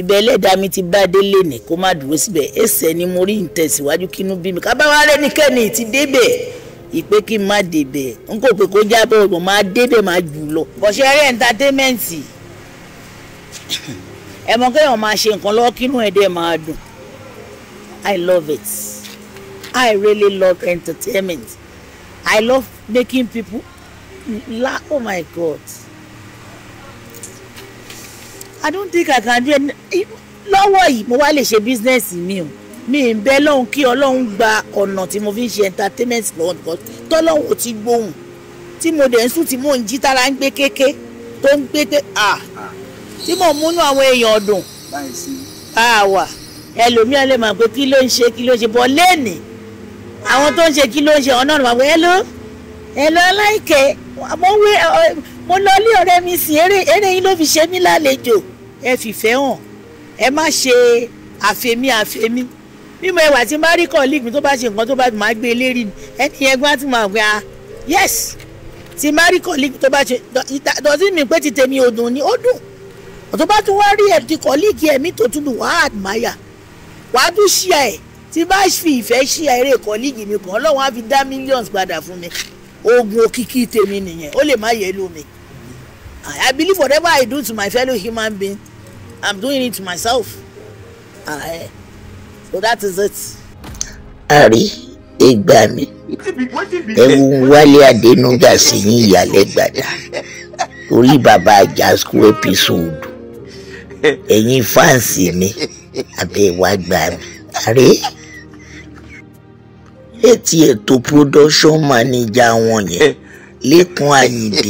ibẹ̀ ẹlẹ́dàá mi ti bá délé ní kó má dúró síbẹ̀ ẹsẹ̀ ni mo rí ń tẹ̀síwájú kínú bí mi kábàáwá rẹ́nikẹ́ni ti débẹ̀ ìpè kí n má débẹ̀ n kò pé kó jábọ̀ ọ̀gbọ̀n má débẹ̀ má jù lọ. bọ̀ṣẹ́ rẹ̀ ẹ̀ńtátémẹ́ǹtì ẹ mọ kéèyàn máa ṣe nǹkan lọ́wọ́ kínú ẹ̀ dẹ́ máa dùn I love it I really love entertainment I love making people laugh oh my God. I don't think I can do any lọ́wọ́ yìí mo wá lè ṣe bísínẹ́sì mi o mi ń bẹ lọ́hùn kí ọlọ́hun gba ọ̀nà tí mo fi ń ṣe entertainment lọ́wọ́ nìkan tọ́lọ́hùn ò ti gbóhùn tí mo dẹ̀ ń sùn tí mò ń jí tára ń gbé kéké tó ń gbé ké ah tí mò ń múnú àwọn èèyàn dùn àwà ẹlòmíà lè máa pé kí ló ń ṣe kí ló ń ṣe bọ́ léènì àwọn tó ń ṣe kí ló ń ṣe ọ̀nà ọ̀nà máa pé hello hello aláìkẹ́ mo lọ lé ọ̀rẹ́ mi sìn eré eré yín ló fi ṣe mí lálejò ẹ fìfẹ́ hàn ẹ má ṣe àfẹ́mí àfẹ́mí mímọ ẹwà tí má rí kọ́ọ̀lìgì tó bá ṣe nǹkan tó bá máa gbé lérí ni ẹni ẹgbẹ́ àti máa gbé a ah, yes tí má rí kọ́ọ̀lìgì tó bá ṣe dọ̀tí mi pé ti tèmi ò dùn ni ó dùn tó bá tún wá rí ẹ̀ ti kọ́ọ̀lìgì ẹ̀mí tó tún dùn wàá àdmáyà wàá tún ṣíà ẹ̀ tí bá fi ìfẹ́ ṣí eré kọ́líìgì mi kan ọlọ́run á fi dá millions padà fún mi oògùn òkìkí tèmi nìyẹn ó lè má yẹ lómi I believe whatever I do to my fellow human being I'm doing it myself. Uh, so that is it. Àrí ìgbà mi. Ẹ̀wù Wálé Adénúgà sí ní ìyàlẹ́ gbàdá. Torí bàbá Àjàsíkú episode. Ẹ̀yin fáǹsì mi. Abẹ́ ìwà gbà mí. Àrí ètí ètò production manager wọn yẹn Lékan Àyìndé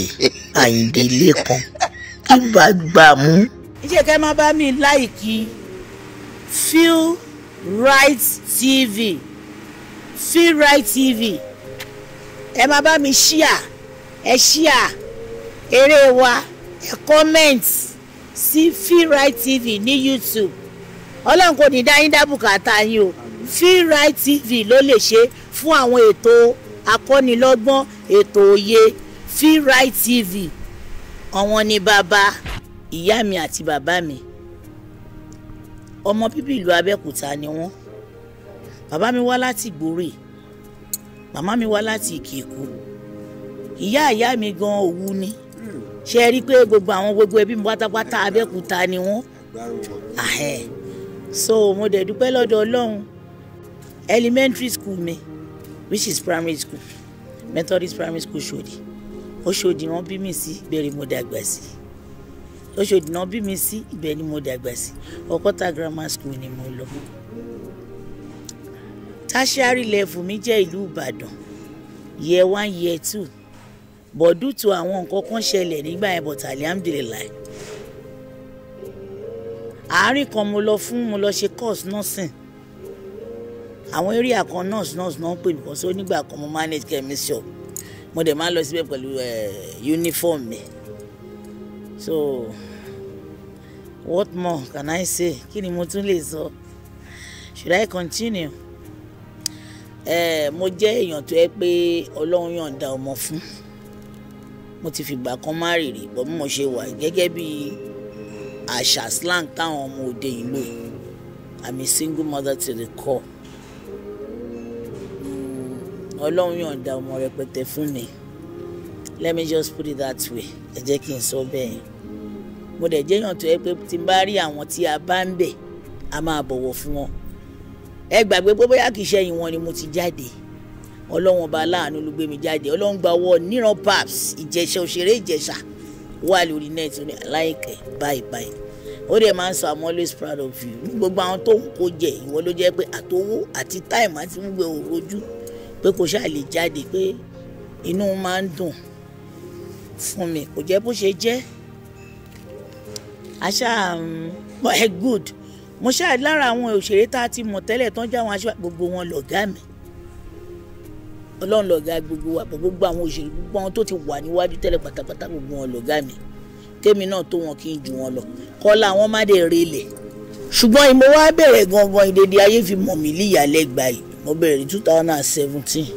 Àyìndé Lékan kí bá gbà mú iṣẹ́ kẹ́ máa bá mi láìkí feel right tv feel right tv ẹ máa bá mi ṣíà ẹ ṣíà eré wa ẹ comment sí feel right tv ní youtube ọlọ́run kò ní dá yín yín o feel right tv ló lè ṣe fún àwọn ètò akọ́nilọ́gbọ́n ètò òye feel right tv àwọn ni bàbá ìyá mi àti bàbá mi ọmọ bíbí ìlú Abẹ́òkúta ni wọ́n bàbá mi wá láti Ìgbòrè màmá mi wá láti Ìkẹ̀kú ìyá ìyá mi gan Òwu ni ṣe rí i pé gbogbo àwọn gbogbo ẹbí mi pátápátá Abẹ́òkúta ni wọ́n so mo dẹ̀ dúpẹ́ lọ́dọ̀ Ọlọ́run elementary school mi which is primary school Methodist primary school Ṣòdì Ọ̀ṣòdì wọ́n bí mi sí bẹ̀rẹ̀ mo dàgbà sí i. Ọ̀ṣọ́dì náà bí mi sí ibẹ̀ ni mo dàgbà sí Ọ̀kọ́tà grammar school ni mo lọ tertiary level mi jẹ́ ìlú Ìbàdàn year one year two but bọ̀dú tó àwọn nǹkan kan ṣẹlẹ̀ nígbà yẹn but alhamdulillah àárín kan mo lọ fún mo lọ ṣe course nursing àwọn area kan nurse nurse náà ń pè mí kan so nígbà kan mo manage chemistry mo dẹ̀ máa lọ síbẹ̀ pẹ̀lú eh, uniform mi so what more can I say kí ni mo tún lè sọ should I continue eh, mo jẹ́ èèyàn tó yẹ pé ọlọ́run yọ̀ǹda ọmọ fún mo ti fìgbà kan má rèrè bọ́ bí mo ṣe wà gẹ́gẹ́ bí àṣà slang táwọn ọmọ òde yìí lò I'm a single mother to the core ọlọ́run yọ̀ǹda ọmọ rẹpẹtẹ fún mi. Mm let me just put it that way ẹ jẹ́ kí n sọ bẹ́ẹ̀ yẹn mo dẹ̀ jẹ́yàn tó yẹ pé tí n bá rí àwọn tí a bá ń bẹ̀ a máa bọ̀wọ̀ fún wọn ẹ gbàgbé pé bóyá kì í ṣẹ́yìn wọn ni mo ti jáde ọlọ́run ọba aláàánú ló gbé mi jáde ọlọ́run gba ọwọ́ níran paps ìjẹ̀ṣà òṣèré ìjẹ̀ṣà wà lórí net ní aláìkẹ́ báyìí báyìí ó dẹ̀ máa ń sọ i'm always proud of you ní gbogbo àwọn tó ń kó jẹ ìwọ ló jẹ́ pé àtowó àti táìmù àti gbogbo òrojú pé kò ṣáà lè jáde pé inú máa ń dùn fún mi kò jẹ́ bó ṣe jẹ́ àṣà ẹ um, eh, good mo ṣáà lára àwọn òṣèré tá a ti mọ̀ tẹ́lẹ̀ tán jáwọn aṣọ gbogbo wọn lọ̀gá mi ọlọ́run lọ̀gá gbogbo wa gbogbo àwọn òṣèré gbogbo àwọn tó ti wà níwájú tẹ́lẹ̀ pátápátá gbogbo wọn lọ̀gá mi kémi náà tó wọn kí n jù wọn lọ kọ́lá wọn má dé relẹ̀ ṣùgbọ́n ìmọ̀ wá bẹ̀rẹ̀ gangan ìdèdè ayé fi mọ̀ mí líyàlẹ́ gbà yìí mo bẹ̀rẹ̀ ní two thousand and seventeen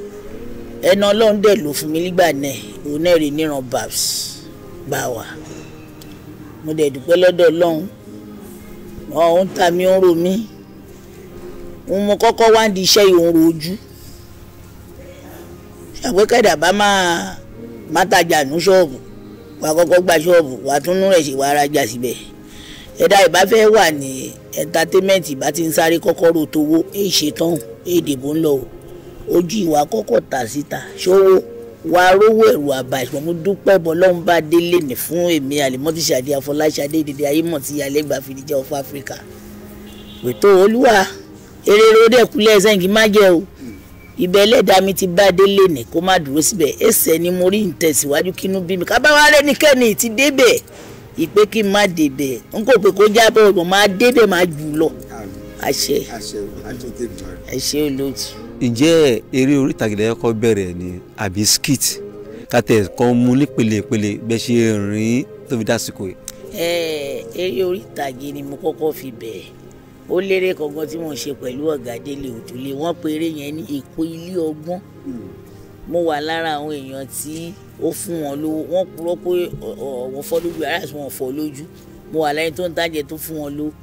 ẹnu ọlọ́run dẹ̀ lò fún mi nígbà náà òun náà rí níran babs gbà wá mo dẹ̀ dúpẹ́ lọ́dọ̀ ọlọ́run ọ̀hún ta mi ń ro mí òun mo kọ́kọ́ wá ń di iṣẹ́ yìí òun ro ojú ṣàpẹ́kẹ̀dà bá máa má tajà ní ṣọ́ọ̀bù wàá kọ́kọ́ gba ṣọ́ọ̀bù wàá tún nú rẹ̀ ṣe wàá rajà síbẹ̀ ẹ̀dá ìbá fẹ́ wà ní entertainment ìbá ti ń sáré kọ́kọ́ ro towó èyí ṣetán èyí dìbò ń lọ ojú ìwà kọ́kọ́ tà síta ṣòwò wà á rówó ẹ̀rù àbá ìṣùgbọ́n mo dúpẹ́ bọ́ lọ́hún bá délé ní fún èmi àlèmọ́tì ṣàdé àfọláṣadé ìdèdè ayémọ̀ tí alẹ́gbà fìdí jẹ́ ọ̀fọ̀ áfíríkà wètò olúwa eré ròdì ẹ̀kúlẹ̀ ẹ̀sẹ̀ kì í má jẹ́ o ibẹ̀ ẹlẹ́dàá mi ti bá délé ní kó má dúró síbẹ̀ ẹsẹ̀ ni mo rí ìtẹ̀síwájú kínú bí mi kábàáwá rẹ́nikẹ́ni ti débẹ̀ ìpè kí n má débẹ̀ n kò pé kó jábọ̀ ọ̀gbọ̀n má débẹ̀ má jù lọ ǹjẹ́ eré orí ìtàgé lẹ́yìn kọ́ bẹ̀rẹ̀ ni àbí skit kàtẹ́ kan mú ní pẹ̀lẹ́pẹ̀lẹ́ bẹ́ ṣe rìn tó fi dásìkò yìí. ẹ eré orí ìtàgé ni mo kọ́kọ́ fi bẹ̀ẹ̀ ó lérè kankan tí mo ṣe pẹ̀lú ọ̀gá délé òjòlé wọ́n pe eré yẹn ní èkó ilé ọgbọ́n mo wà lára àwọn èèyàn tí ó fún wọn lówó wọ́n purọ́ pé ọ̀wọ́ fọ́ lójú aráàlú wọn fọ́ lójú mo wà lẹ́yìn tó ń tàjẹ́ tó fún wọn lówó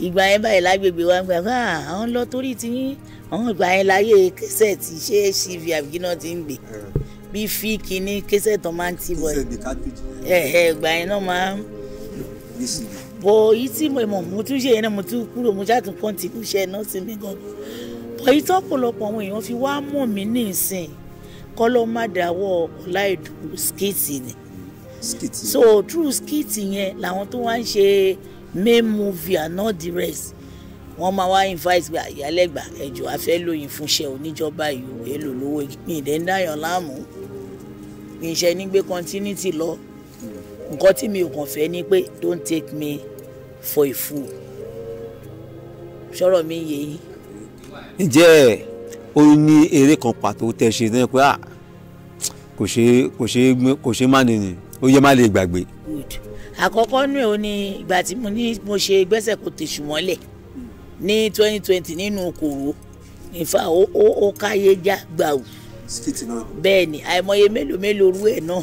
ìgbà yẹn báyìí lágbègbè wa gbà fún ah, àwọn lọ torí ti yín àwọn ìgbà yẹn láyé kẹsẹ̀ tí ṣé cv àbíkínà ti ń gbé eh. bí fi kínní kẹsẹ̀ tó máa ń ti bọ̀ ẹ̀ ẹ̀ ìgbà yẹn náà máa ń bọ̀ yìí tí mo mọ̀ mo tún ṣe yẹn náà mo tún kúrò mo ṣáà tún kọ́ńtì kú ṣe náà sí mi gan bọ̀ yìí tọ́pọ̀lọpọ̀ àwọn èèyàn fi wá mọ̀ mí ní ìsìn kọ́lọ́ má dáwọ́ ọláìdùn skit ni so through skit yẹn làwọn tó wá ń ṣe main movie and all the rest wọ́n máa wá invite gba ìyálẹ́gbà ẹ̀jọ̀ afẹ́ lóyìn fúnṣẹ́ oníjọba ìlú èlò lówó mi ìdẹ́ ń dáyàn láàmú mi ìṣe ní gbé continuity lọ nǹkan tí mi ò kàn fẹ́ ni pé don't take me for a fool sọ̀rọ̀ mi yé yín. ǹjẹ́ o ní eré kan pàtó tẹ́ ṣe náà pé ah, kò ṣe é má nìyí ó yẹ má lè gbàgbé àkọ́kọ́ nù o ní ìgbà tí mo ní mo ṣe gbẹ́sẹ̀ kò tèṣù mọ́lẹ̀ ní twenty twenty nínú okòwò ìfà ó káyé já gbàù bẹ́ẹ̀ ni àìmọye mélòó mélòó rú ẹ̀ náà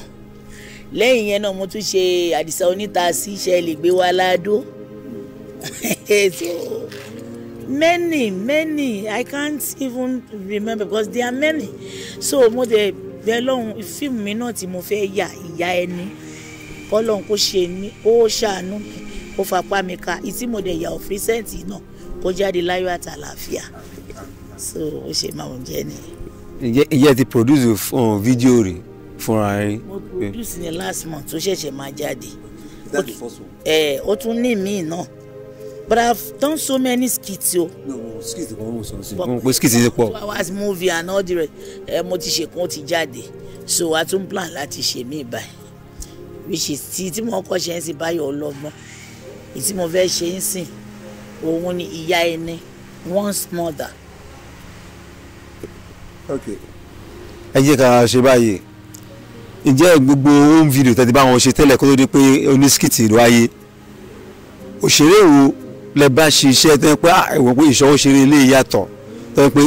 lẹ́yìn yẹn náà mo tún ṣe àdìsá oníta sí iṣẹ́ lè gbé wa ládó so many many I can't even remember because there are many so mo dẹ̀ bẹ́ẹ̀ lọ́hùn fíìmù mi náà tí mo fẹ́ yà ìyá ẹni kọ́lọ́n kó ṣe ní kó ṣàánú mi kó fapá mi ka ìtí mo dẹ̀ yà ọ́ fírísẹ́ǹtì náà kó jáde láyọ̀ àtàlàáfíà so ó ṣe máa ń jẹ́ nìyẹn. ìyẹ́ ti produce fídíò rẹ̀ fúnra rẹ̀. mo produce ní last month tó ṣẹ̀ṣẹ̀ máa jáde eh, ó tún ní míì náà but i've done so many skits o. no no skits kò ń ti pọ̀. two hours movie and all the rest ẹ eh, mo ti ṣe kún ó ti jáde so a tún plan láti ṣe mí báyìí which is ti tí mo kọ́ ṣe ń sin báyọ̀ ọlọ́gbọ́n ìtí mo fẹ́ ṣe ń sìn òun ni ìyá ẹni once mother. ok ẹ jẹ́ ká ṣe báyìí ǹjẹ́ gbogbo home video tẹ́tí báwọn ṣe tẹ́lẹ̀ kó tó di pé oníṣkìtì ìlú ayé òṣèré wo lẹ bá ṣe iṣẹ́ tẹ́ pé ah, ẹ̀wọ̀n pé ìṣọwọ́ ṣeré ilé yàtọ̀ tẹ́ pé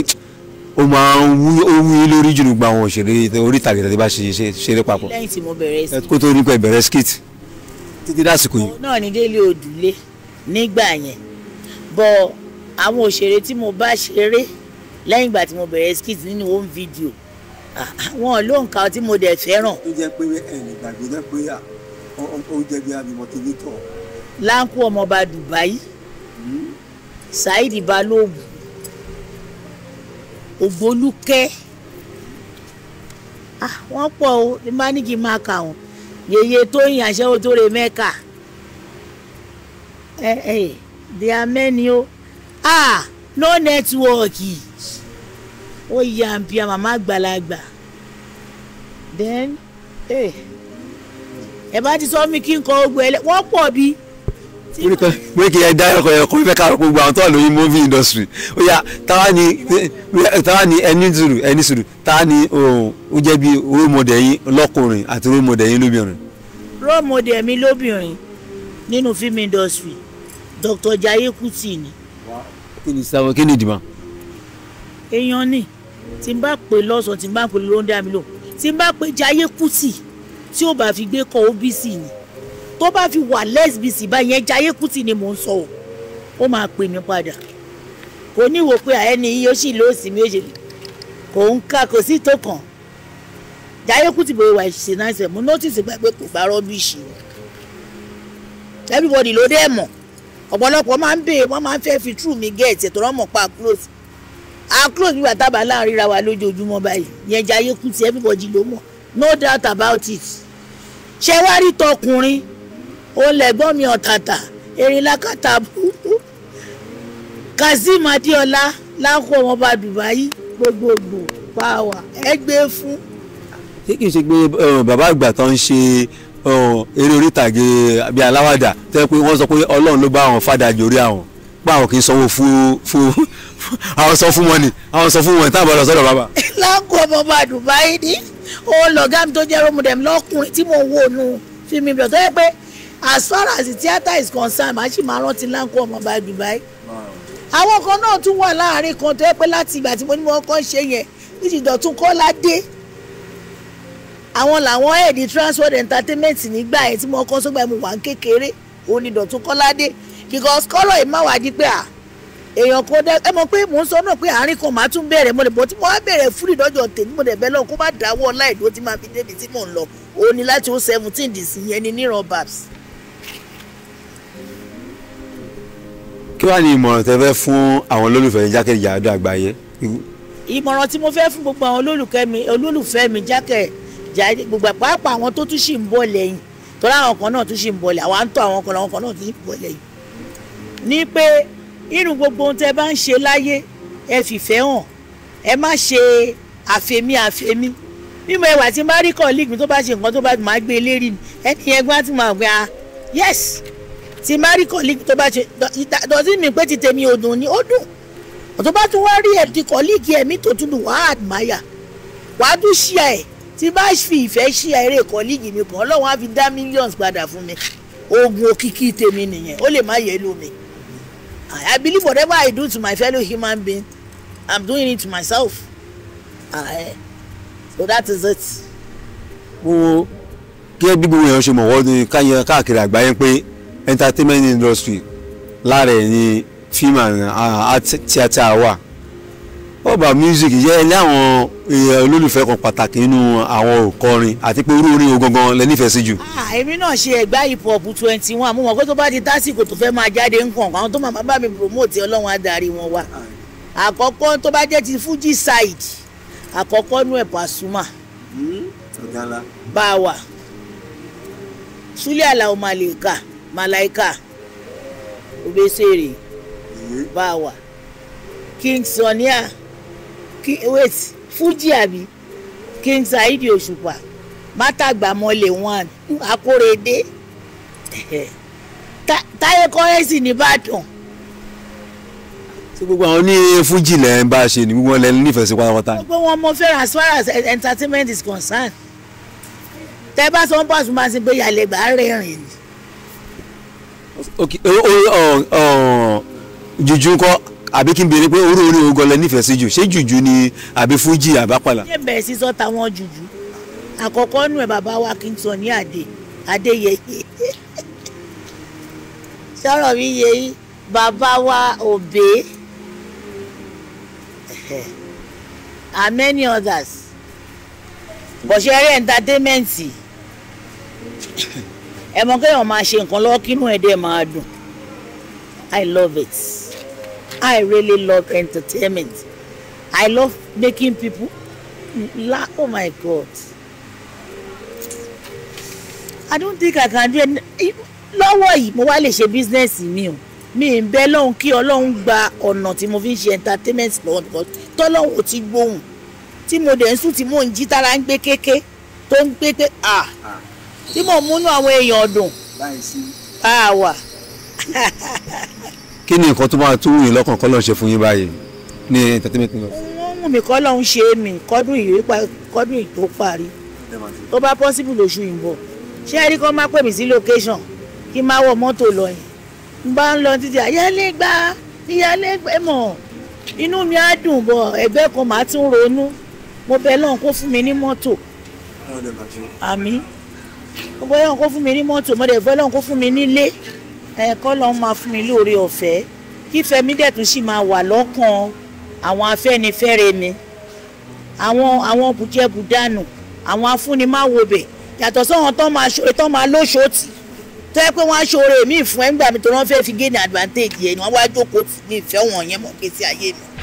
ó máa ń wú owó yín lórí jù nígbà àwọn òṣèré orí ìtàgé tàbí bá ṣe ṣeré papọ̀. lẹ́yìn tí mo bẹ̀rẹ̀ skit. kó tó nípa ìbẹ̀rẹ̀ skit títí dásìkò yìí. náà ní délé òdùlé nígbà yẹn bọ àwọn òṣèré tí mo bá ṣeré lẹ́yìn ìgbà tí mo bẹ̀rẹ̀ skit nínú home video àwọn ló ń ka tí mo dẹ̀ fẹ́ràn. ó jẹ́ pé ẹ̀yìn ìgbàgbé náà pé ó jẹ́ bí abimọ tèmi tọ̀. láńkó ọmọọba Dubai hmm. Saheed Balogun Ògbólúkẹ́ ah wọ́n pọ̀ o ní bá ní kí n máa kà wọ́n yèyé Tóyìn aṣẹ́wó tó rè mẹ́ka ẹ ẹ di amẹ́ni o ah no nẹ́tíwọ́ọ̀kì ó yà ń pia màmá àgbàlagbà then ẹ eh, ẹ bá ti sọ mí kí n kọ ogun ẹ wọ́n pọ̀ bíi pé kí ẹ dá ẹkọ ẹkọ fẹ ká gbogbo àwọn tó wà lórí movie industry ó yà táwa ni táwa ni ẹni sùúrù ẹni sùúrù táwa ni ó jẹ́ bí role model yín lọ́kùnrin àti role model yín lóbìnrin. role model mi lóbìnrin nínú film industry Dr. Jaye Kuti ni. kí ni sábà kí ni ìdìbò. èèyàn ni tí n bá pè lọ́sàn-án tí n bá pè lóńdà mi lò tí n bá pè Jaye Kuti tí ò bá fi gbé kọ́ ó bí sí ni tó bá fi wà lẹ́sbìsì báyẹn jayé kùtì ni mò ń sọ o ó máa pè mí padà kò ní wò pé àẹ́ni yìí ó sì lóòsì mi ó kò ń ká kò sí tó kàn jayé kùtì bò wà ṣe náà ṣe mú nọ́tìsì gbà pé kò bá rọ́bìṣì everybody ló dé mọ̀ ọ̀pọ̀lọpọ̀ máa ń bèè wọ́n máa ń fẹ́ fi true mi gẹ̀ ẹ̀tẹ̀ tó rán mọ̀ pa close a close nígbà tábà láàrin ra wa lójoojúmọ́ báyìí yẹn jayé kùtì everybody ló mọ̀ no doubt about it ṣé wá rí tọkùnrin òun lẹ̀gbọ́n mi ọ̀tàtà erinlákàtà burúkú kazeem adéọlá láńkó ọmọọba dubai gbogbogbò pàwà ẹgbẹ́ e fún. ṣé kìí ṣe pé bàbá àgbà tó ń ṣe eré orí ìtàgé bíi aláwàdà tẹ́ pé wọ́n sọ pé ọlọ́run ló bá àwọn fàdà jòrí àwọn pé àwọn kì í sanwó fún fún àwọn sọ fún wọn ni àwọn sọ fún wọn táwọn bọ̀dọ̀ sọ̀rọ̀ bàbá. láńkó ọmọọba dubai ni ó lọ̀gá mi tó jẹ́ rómùdẹ̀m lọ́kùnrin tí mò wò nù fíìmù ìbílẹ̀ tó yẹ pé as far as the theatre is concerned màá sì máa rántí láńkó ọmọ bá Dubai àwọn kan náà tún wà láàrin kan tó yẹ pé láti ìgbà tí mo ní wọn kàn ṣe yẹn níṣì Dọ̀tun Kọ́ládé àwọn làwọn ẹ̀ẹ́dì Transworld Entertainment nígbà yẹn tí mo kọ́ sógbà mo wà ń kékeré òun ni Dọ̀tun Kọ́ládé because kọ́lọ̀ yìí má wà di pé à èèyàn kò dẹ ẹ mọ̀ pé mò ń sọ náà pé àárín kan màá tún bẹ̀rẹ̀ mo lè bọ́ tí mo wá bẹ̀rẹ̀ fúrì lọ́jọ́ tèmi mo dẹ̀ bẹ́ẹ̀ lọ́wọ́ kó má dáwọ́ láì dúró tí máa fi débi tí mò ń lọ òun ni láti ó seventeen dì sí yẹn ni níran babs. kí wàá ní ìmọ̀ràn tẹ fẹ́ fún àwọn olólùfẹ́ ní jákèjádò àgbáyé. ìmọ̀ràn tí mo fẹ́ fún gbogbo àwọn olólùfẹ́ mi olólùfẹ́ mi jákèjádò gbogbo pàápàá àwọn tó tún ṣì ń bọ̀ lẹ́yìn tọ́lá àwọn kan náà tún ṣì ń bọ̀ lẹ́yìn àwọn à ń tọ́ àwọn kan àwọn kan náà tún ṣì ń bọ̀ lẹ́yìn. ní pé irú gbogbo ohun tẹ bá ń ṣe láyé ẹ fìfẹ́ hàn ẹ má ṣe àfẹ́mí àfẹ́mí bí mo ẹwà tí n bá rí kọ́ọ̀lì mi tó bá ṣe nǹkan tó bá máa gbé e lérí ẹni yẹn gbọ́n á ti máa gbé a yes ti mari colleague tó bá ṣe doesn't mean pé ti tèmi ò ni ó dùn tó bá tún wá rí ẹ̀ colleague ẹ̀ tó tún dùn wàá admire wàá tún ṣí ẹ̀ tí bá fi ìfẹ́ ṣí eré colleague mi kan ọlọ́run á fi dá millions padà fún mi oògùn òkìkí tèmi nìyẹn ó lè má yẹ lómi I believe whatever I do to my fellow human being I'm doing it to myself uh, so that is it. kí ẹ bí gbogbo èèyàn ṣe mọ̀ wọ́n ní káàkiri àgbáyé pé entertainment industry lára ẹ̀ ní fíìmù tíátà wà ọba music yẹ ẹ ní àwọn olólùfẹ́ kan pàtàkì nínú àwọn òkọrin àti pé irú orin gangan lẹ nífẹ̀ẹ́ sí jù. èmi náà ṣe ẹ̀gbá hip hop twenty one mo mọ̀ pé tó bá di tásìkò tó fẹ́ máa jáde ń kàn àwọn tó máa bá mi promote ọlọ́run adarí wọn wá àkọ́kọ́ tó bá jẹ́ ti fuji side àkọ́kọ́ nú ẹ̀ Pasuma hmm, bá a wà Sule Alao Maleeka malaika obesere bawa king sonia king wait fuji abi king saidi òṣùpá mátàgbàmọlẹ one akórèdé táyé kọ́rẹ́sì nìbàdàn. ṣé gbogbo àwọn ní fújì lẹ ń bá ṣe ni gbogbo wọn lẹ nífẹ̀ẹ́ sí pátápátá. gbogbo wọn mo fẹ́ràn as far as entertainment is concerned tẹ bá sọ ń bọ̀ àtúmọ̀ àti gbéyàlẹ̀ gbà á rẹ̀ rìn ni. Oh, oh, oh, jùjú kọ́ àbí kí n béèrè pé orú orí ogun ọlẹ nífẹ̀ẹ́ sí jù ṣé juju ni àbí fújì àbápàlà. ṣé bẹ̀rẹ̀ sí sọ táwọn jùjú àkọ́kọ́ nù ẹ̀ bàbá wa kí n sọ ní àdé adéyẹyẹ sọ̀rọ̀ mi yẹ yí bàbá wa òbé and many others bọ̀ṣẹ́ rẹ̀ entertainment ẹ mọ kéèyàn máa ṣe nǹkan lọ́wọ́ kínú ẹ̀ dẹ̀ máa dùn I love it I really love entertainment I love making people laugh oh my God I don't think I can do any lọ́wọ́ yìí mo wá lè ṣe business mi o mi ń bẹ lọ́hùn kí ọlọ́hun gba ọ̀nà tí mo fi ń ṣe entertainment lọ́wọ́ nìkan tọ́lọ́hun ò ti gbóhùn tí mo dẹ̀ ń sùn tí mò ń jí tára ń gbé kéké tó ń gbé pé ah. ah tí mò múnú àwọn èèyàn dùn bá a wà. kí ni nǹkan tó máa tó wù yín lọ́kàn kọ́ ló ń ṣe fún yín báyìí ní entertainment club. wọ́n mi kọ́ ló ń ṣe mí kọ́dún yìí kọ́dún yìí tó parí tó bá possible lóṣù yìí bọ̀ ṣé ẹ rí kó má pè mí sí location kí n má wọ mọ́tò lọ yìí n bá ń lọ títí àyálégbá ìyálégbé mọ̀ inú mi á dùn bọ̀ ẹ̀gbẹ́ kan màá tún ronú mo bẹ lọ́hùn kó fún mi ní mọ́tò àmín bóyá òun kó fún mi ní mọ́tò mo dẹ̀ fẹ́ lọ́n kó fún mi nílé kọ́ lọ́n máa fún mi lóore ọ̀fẹ́ kífẹ́ mi dẹ̀ tún sì máa wà lọ́kàn àwọn afẹ́nifẹ́re mi àwọn àwọn bùjẹ́bùdánù àwọn afúnimáwòbẹ̀ yàtọ̀ sọ́wọ́n tán máa lóṣòtì tó yẹ pé wọ́n á ṣoore mi fún ẹ nígbà mi tó wọ́n fẹ́ fi gain advantage yẹn ni wọ́n wá jókòó mi ìfẹ́ wọn yẹn mọ̀ pé sí ayé mi.